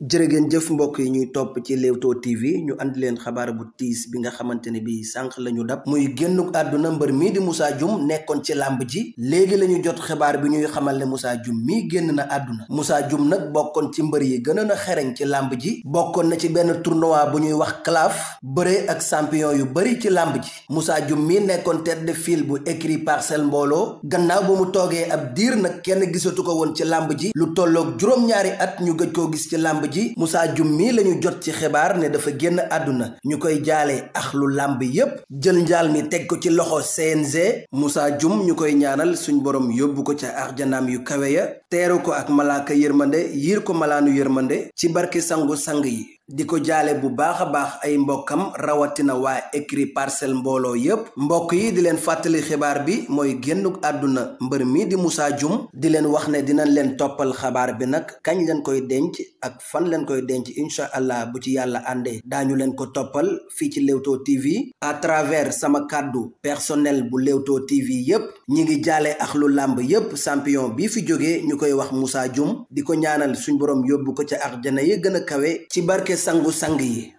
jërëgeen jëf mbokk yi ñuy topp ci Leewtoo TV ñu andi leen xabaar bu tiis bi nga xamante ne bii sànq la ñu dab muy génn àdduna mbër mii di Moussa Dioum nekkoon ci làmb ji léegi la ñu jot xabaar bi ñuy xamal ne Moussa jum mii génn na àdduna Moussa jum nag bokkoon ci mbër yi gënoon a xereñ ci làmb ji bokkoon na ci benn tournoi bu ñuy wax CLAF bëree ak champion yu bëri ci làmb ji Moussa Dioum mii nekkoon tête de file bu écrit parcelle Mbooloo gannaaw ba mu toogee ab diir nag kenn gisatu ko woon ci làmb ji lu tolloog juróom at ñu gëj koo gis ci làmb ji Moussa jum mi la ñu jot ci xibaar ne dafa génn àdduna ñu koy jaale axlu làmb yépp jël njaal mi teg ko ci loxo CNG Moussa jum ñu koy ñaanal suñ borom yóbbu ko ca arjanaam yu kawe ya teeru ko ak malaaka yërmande yiir ko malaanu yërmande ci barke sangu sang yi di ko jaale bu baax a baax ay mbokkam rawatina waa écrit parcelle mbooloo yépp mbokk yi di leen fàttali xibaar bi mooy génnuk àdduna mbër mi di Moussa jum di leen wax ne dinañ leen toppal xabaar bi nag kañ leen koy denc ak fan leen koy denc incha allah bu ci yàlla àndee daañu leen ko toppal fii ci Leewtoo TV à travers sama kàddu personnel bu Leewtoo TV yépp ñi ngi jaale ak lu làmb yépp champion bii fi jógee ñu koy wax Moussa Dioum di ko ñaanal suñ borom yóbbu ko ca àjjana yi gën sangu sang yi